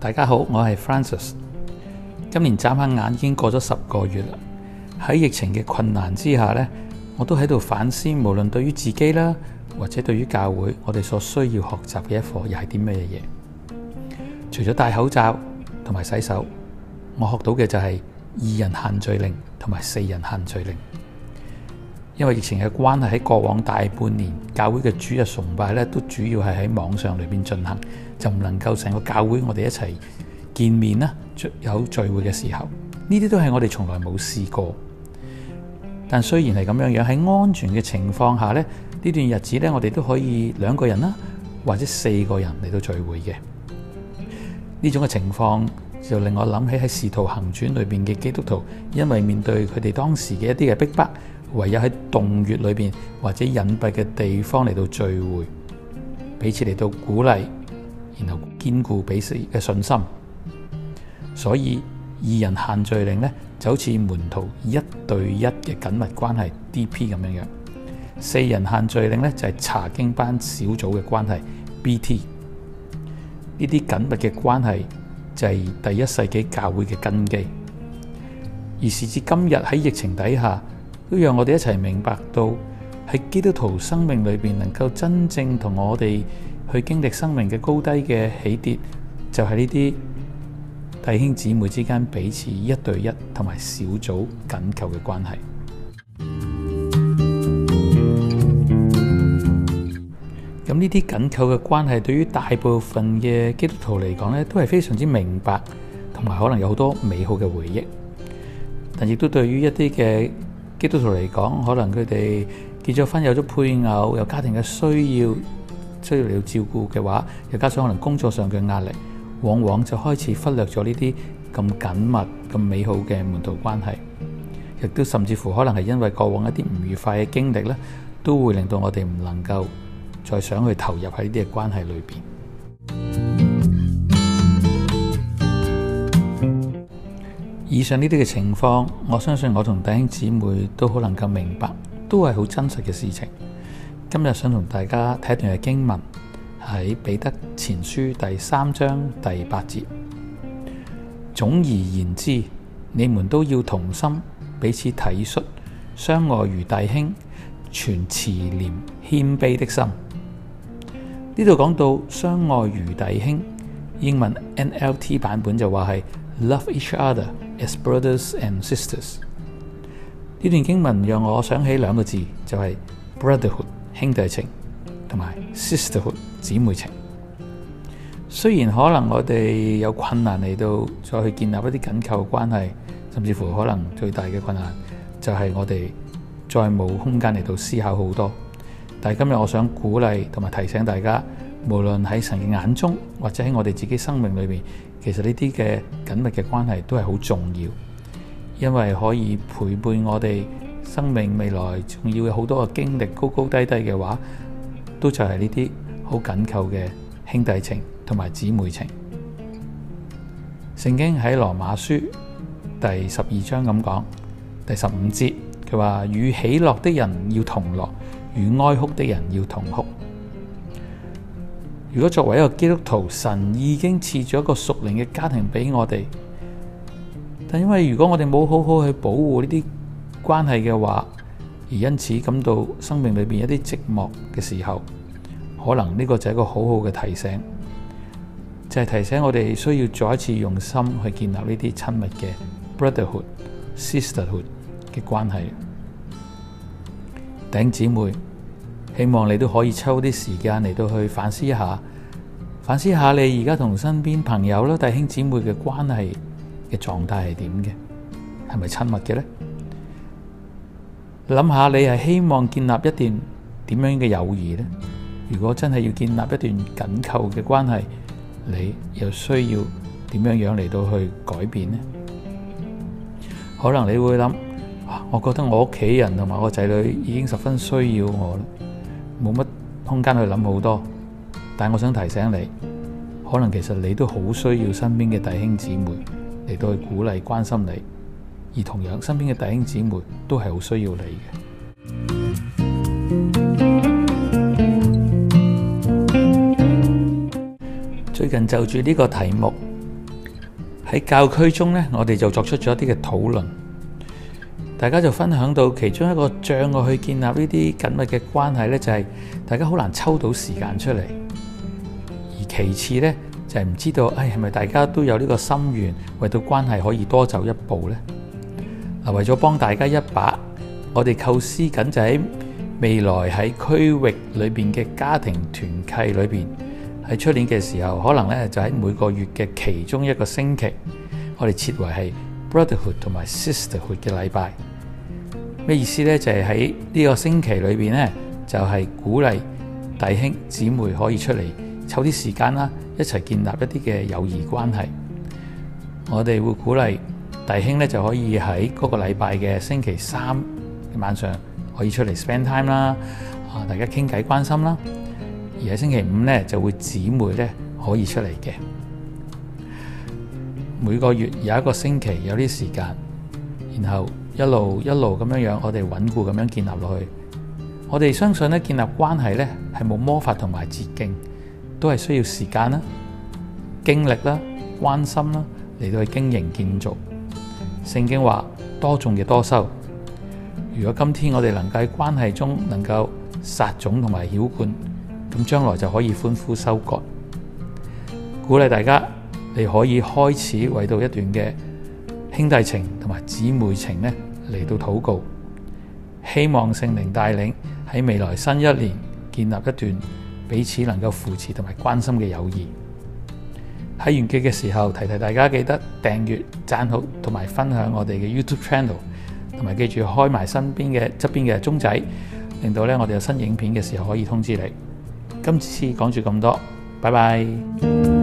大家好，我係 Francis。今年眨下眼已經過咗十個月啦。喺疫情嘅困難之下呢，我都喺度反思，無論對於自己啦，或者對於教會，我哋所需要學習嘅一課，又係啲咩嘢？除咗戴口罩同埋洗手，我學到嘅就係二人限聚令同埋四人限聚令。因為疫情嘅關係，喺過往大半年，教會嘅主日崇拜咧，都主要係喺網上裏邊進行，就唔能夠成個教會我哋一齊見面啦。有聚會嘅時候，呢啲都係我哋從來冇試過。但雖然係咁樣樣，喺安全嘅情況下咧，呢段日子呢，我哋都可以兩個人啦，或者四個人嚟到聚會嘅呢種嘅情況，就令我諗起喺《仕途行傳》裏邊嘅基督徒，因為面對佢哋當時嘅一啲嘅逼迫。唯有喺洞穴裏邊或者隱蔽嘅地方嚟到聚會，彼此嚟到鼓勵，然後堅固彼此嘅信心。所以二人限聚令咧就好似門徒一對一嘅緊密關係 D.P. 咁樣樣，四人限聚令咧就係、是、查經班小組嘅關係 B.T. 呢啲緊密嘅關係就係、是、第一世紀教會嘅根基，而時至今日喺疫情底下，都讓我哋一齊明白到喺基督徒生命裏邊，能夠真正同我哋去經歷生命嘅高低嘅起跌，就係呢啲弟兄姊妹之間彼此一對一同埋小組緊扣嘅關係。咁呢啲緊扣嘅關係，對於大部分嘅基督徒嚟講呢都係非常之明白，同埋可能有好多美好嘅回憶。但亦都對於一啲嘅基督徒嚟講，可能佢哋結咗婚有咗配偶，有家庭嘅需要，需要嚟照顧嘅話，又加上可能工作上嘅壓力，往往就開始忽略咗呢啲咁緊密、咁美好嘅門徒關係。亦都甚至乎可能係因為過往一啲唔愉快嘅經歷咧，都會令到我哋唔能夠再想去投入喺呢啲嘅關係裏面。以上呢啲嘅情況，我相信我同弟兄姊妹都好能夠明白，都係好真實嘅事情。今日想同大家睇一段嘅經文，喺彼得前書第三章第八節。總而言之，你們都要同心，彼此體恤，相愛如弟兄，存慈憐、謙卑的心。呢度講到相愛如弟兄，英文 NLT 版本就話係 love each other。As brothers and sisters，呢段經文讓我想起兩個字，就係、是、brotherhood 兄弟情，同埋 sisterhood 姊妹情。雖然可能我哋有困難嚟到再去建立一啲緊扣嘅關係，甚至乎可能最大嘅困難就係我哋再冇空間嚟到思考好多。但係今日我想鼓勵同埋提醒大家，無論喺神嘅眼中，或者喺我哋自己生命裏面。其實呢啲嘅緊密嘅關係都係好重要，因為可以陪伴我哋生命未來，仲要有好多嘅經歷，高高低低嘅話，都就係呢啲好緊扣嘅兄弟情同埋姊妹情。聖經喺羅馬書第十二章咁講，第十五節佢話：與喜樂的人要同樂，與哀哭的人要同哭。如果作為一個基督徒，神已經賜咗一個屬靈嘅家庭俾我哋，但因為如果我哋冇好好去保護呢啲關係嘅話，而因此感到生命裏邊一啲寂寞嘅時候，可能呢個就係一個好好嘅提醒，就係、是、提醒我哋需要再一次用心去建立呢啲親密嘅 brotherhood Sisterhood、sisterhood 嘅關係，頂姊妹。希望你都可以抽啲時間嚟到去反思一下，反思下你而家同身邊朋友啦、弟兄姊妹嘅關係嘅狀態係點嘅，係咪親密嘅咧？諗下你係希望建立一段點樣嘅友誼咧？如果真係要建立一段緊扣嘅關係，你又需要點樣樣嚟到去改變咧？可能你會諗啊，我覺得我屋企人同埋我仔女已經十分需要我啦。冇乜空間去諗好多，但我想提醒你，可能其實你都好需要身邊嘅弟兄姊妹嚟到去鼓勵關心你，而同樣身邊嘅弟兄姊妹都係好需要你嘅。最近就住呢個題目喺教區中呢，我哋就作出咗一啲嘅討論。大家就分享到其中一個障礙去建立呢啲緊密嘅關係呢，就係大家好難抽到時間出嚟。而其次呢，就係、是、唔知道，唉、哎，係咪大家都有呢個心願，為到關係可以多走一步呢？嗱、啊，為咗幫大家一把，我哋構思緊就喺未來喺區域裏邊嘅家庭團契裏邊，喺出年嘅時候，可能呢就喺每個月嘅其中一個星期，我哋設為係 Brotherhood 同埋 Sisterhood 嘅禮拜，咩意思呢？就係喺呢個星期裏邊呢，就係鼓勵弟兄姊妹可以出嚟抽啲時間啦，一齊建立一啲嘅友誼關係。我哋會鼓勵弟兄呢，就可以喺嗰個禮拜嘅星期三晚上可以出嚟 spend time 啦，啊，大家傾偈關心啦。而喺星期五呢，就會姊妹呢可以出嚟嘅。每個月有一個星期有啲時間，然後一路一路咁樣樣，我哋穩固咁樣建立落去。我哋相信咧，建立關係咧係冇魔法同埋捷徑，都係需要時間啦、經歷啦、關心啦嚟到去經營建造。聖經話多種嘅多收。如果今天我哋能夠喺關係中能夠撒種同埋澆灌，咁將來就可以歡呼收割。鼓勵大家。你可以開始為到一段嘅兄弟情同埋姊妹情呢嚟到禱告，希望聖靈帶領喺未來新一年建立一段彼此能夠扶持同埋關心嘅友誼。喺完結嘅時候，提提大家記得訂閱、讚好同埋分享我哋嘅 YouTube Channel，同埋記住開埋身邊嘅側邊嘅鐘仔，令到呢我哋有新影片嘅時候可以通知你。今次講住咁多，拜拜。